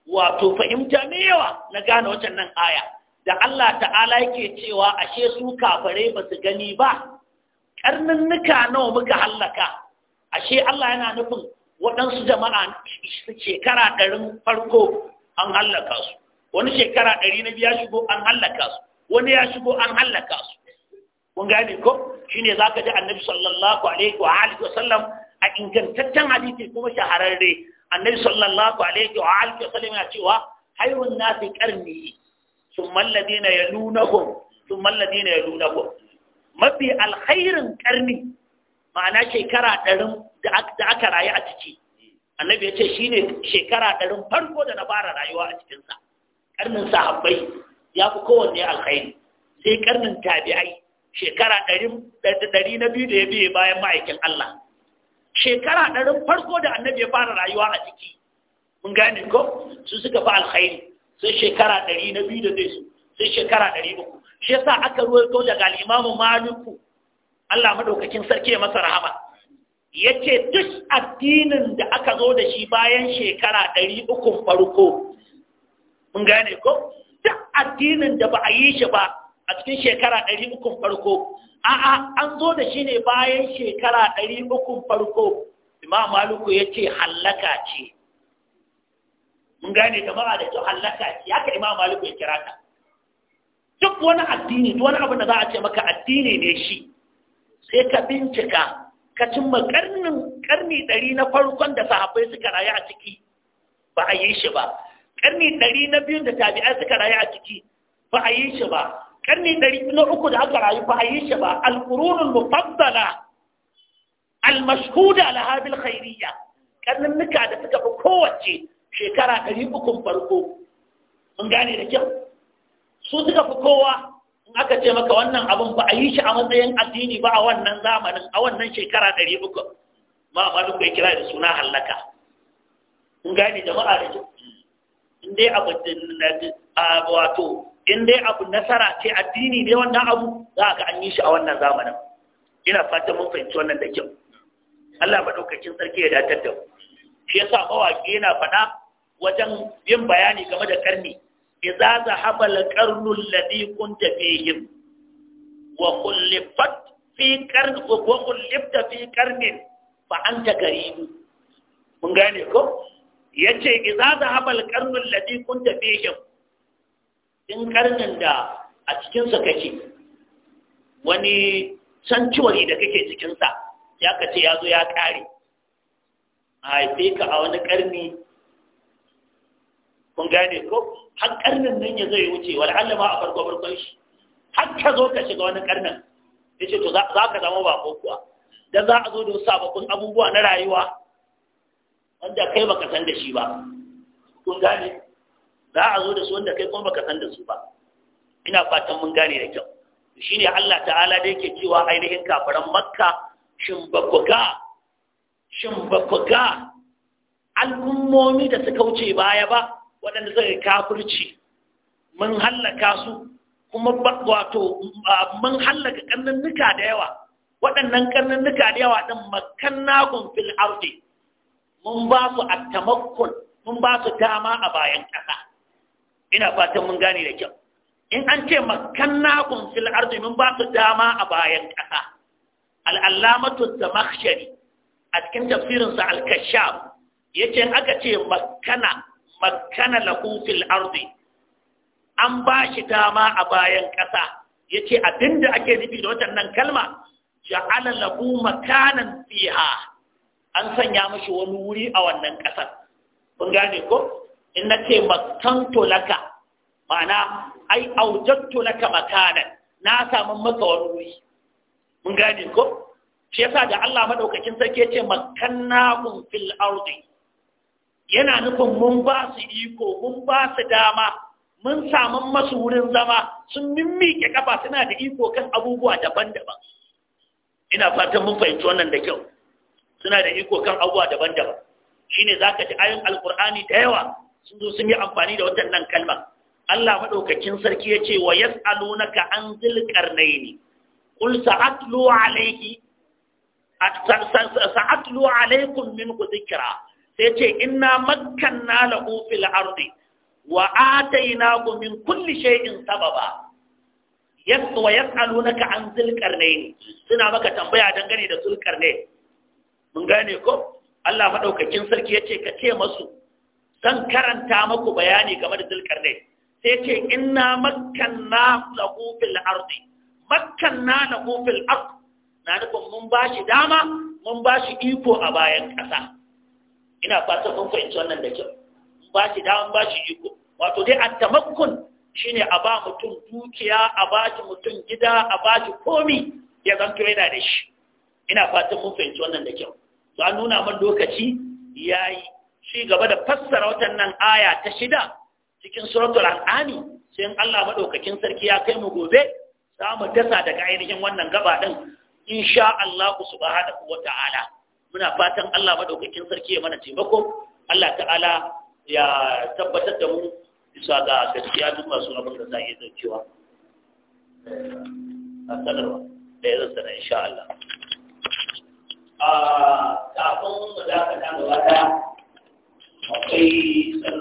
wato fahimta mewa yawa na gane wacan nan aya da Allah ta'ala yake cewa ashe su kafare ba su gani ba nuka nawa muka hallaka ashe Allah yana nufin waɗansu jama'a shekara ɗarin farko an hallaka su wani shekara ɗari na biya shigo an hallaka su wani ya shigo an hallaka su kun gane ko shine zaka ji annabi sallallahu alaihi wa alihi wa sallam a ingantaccen hadisi kuma shahararre annabi sallallahu alaihi wa alihi wasallam ya cewa hayrun nasi qarni thumma alladhina yalunahum thumma alladhina yalunahum mafi alkhairin qarni ma'ana shekara 100 da aka rayu a ciki annabi ya ce shine shekara 100 farko da na fara rayuwa a cikin sa karnin sahabbai ya fi kowanne alkhairi sai karnin tabi'ai shekara ɗari na biyu da ya biye bayan ma'aikin Allah shekara ɗarin farko da annabi ya fara rayuwa a ciki mun gane ko su suka fi alkhairi sai shekara ɗari na biyu da zai su sai shekara ɗari uku shi sa aka ruwaito daga al'imamu maliku Allah madaukakin sarki ya masa rahama Ya ce duk addinin da aka zo da shi bayan shekara ɗari ukun farko mun gane ko duk addinin da ba a yi shi ba a cikin shekara ɗari ukun farko a'a an zo da shi ne bayan shekara ɗari ukun farko imam maluku ya ce hallaka ce mun gane jama'a da kyau hallaka ce haka imam maluku ya kira ta duk wani addini duk wani abin da za a ce maka addini ne shi sai ka bincika ka cimma karnin karni ɗari na farkon da sahabbai suka rayu a ciki ba a yi shi ba karni ɗari na biyun da tabi'ai suka rayu a ciki ba a yi shi ba karni ɗari na uku da aka rayu ba a yi shi ba alƙurunul mufaddala almashhuda ala hadil khairiyya ƙarnin nuka da suka fi kowace shekara ɗari ukun farko mun gane da kyau su suka fi kowa in aka ce maka wannan abin ba a yi shi a matsayin addini ba a wannan zamanin a wannan shekara ɗari uku ma amma duk bai kira da suna hallaka Mun gane jama'a da kyau in dai abu wato in dai abu nasara ce addini ne wannan abu za ga an yi shi a wannan zamanin ina fatan mun fahimci wannan da kyau Allah madaukakin sarki ya datar da mu shi yasa mawaki yana faɗa wajen yin bayani game da karni idza zahaba al-qarnu alladhi kunta fihim wa khulifat fi qarn wa khulifta fi qarnin fa anta garib mun gane ko yace idza zahaba al-qarnu alladhi kunta fihim in karnin da a cikinsa kake wani sanciwari da kake cikinsa ya kace ya zo ya ƙare a haife ka a wani ƙarni kun gane ko har karnin nan ya zai wuce wani ma a farko farkon shi har ka zo ka shiga wani ƙarnin ya ce to za ka zama bako kuwa don za a zo da sababbin abubuwa na rayuwa wanda kai baka san da shi ba kun gane za a zo da su wanda kai kuma baka san da su ba ina fatan mun gane da kyau shine Allah ta'ala da yake cewa ainihin kafaran makka shin ba ku ga shin ba ku ga al'ummomi da suka wuce baya ba waɗanda suka kafirci mun hallaka su kuma wato mun hallaka ƙarnannuka da yawa waɗannan ƙarnannuka da yawa ɗin makannagun fil ardi mun ba su attamakon mun ba su dama a bayan ƙasa ina fatan mun gane da kyau in an ce makannakum fil ardi mun ba su dama a bayan ƙasa al-allamatu zamakhshari a cikin tafsirin sa al-kashaf yace aka ce makana makana lahu fil ardi an ba shi dama a bayan ƙasa yace abinda ake nufi da wannan kalma ja'ala lahu makanan fiha an sanya mashi wani wuri a wannan ƙasar kun gane ko in na ce makanto laka ma'ana ai aujattu laka makanan na samu maka wani wuri mun gane ko shi yasa da Allah madaukakin sarki ya ce makannahum fil ardi yana nufin mun ba su iko mun ba su dama mun samu masu wurin zama sun mimmike kafa suna da iko kan abubuwa daban-daban ina fatan mun fahimci wannan da kyau suna da iko kan abubuwa daban-daban shine zaka ji ayoyin alqur'ani da yawa sun zo sun yi amfani da waɗannan kalmar Allah maɗaukakin sarki ya ce wa yas'alunaka an zil qarnaini qul sa'atlu alayhi sa'atlu alaykum min dhikra sai ce inna makkanna lahu fil ardi wa atainahu min kulli shay'in sababa yasu wa yas'alunaka an zil qarnaini suna maka tambaya dangane da zul qarnaini mun gane ko Allah maɗaukakin sarki ya ce ka ce masu dan karanta maku bayani game da zulkarnai sai ce inna makkanna lahu fil ardi makkanna lahu fil ard na nufin mun ba shi dama mun ba shi iko a bayan ƙasa ina fatan mun fahimci wannan da kyau mun ba shi dama mun ba shi iko wato dai a tamakkun shine a ba mutum dukiya a ba shi mutum gida a ba shi komi ya zanto yana da shi ina fatan mun fahimci wannan da kyau to an nuna man lokaci yayi ci gaba da fassara watannan aya ta shida cikin suratul al'ani sai Allah madaukakin sarki ya kai mu gobe za mu dasa daga ainihin wannan gaba din insha Allah subhanahu ta'ala muna fatan Allah madaukakin sarki ya mana taimako Allah ta'ala ya tabbatar da mu bisa ga gaskiya duk masu rabon da zai a iya a da ya insha Allah a ah, kafin mu dakata gaba ɗaya praise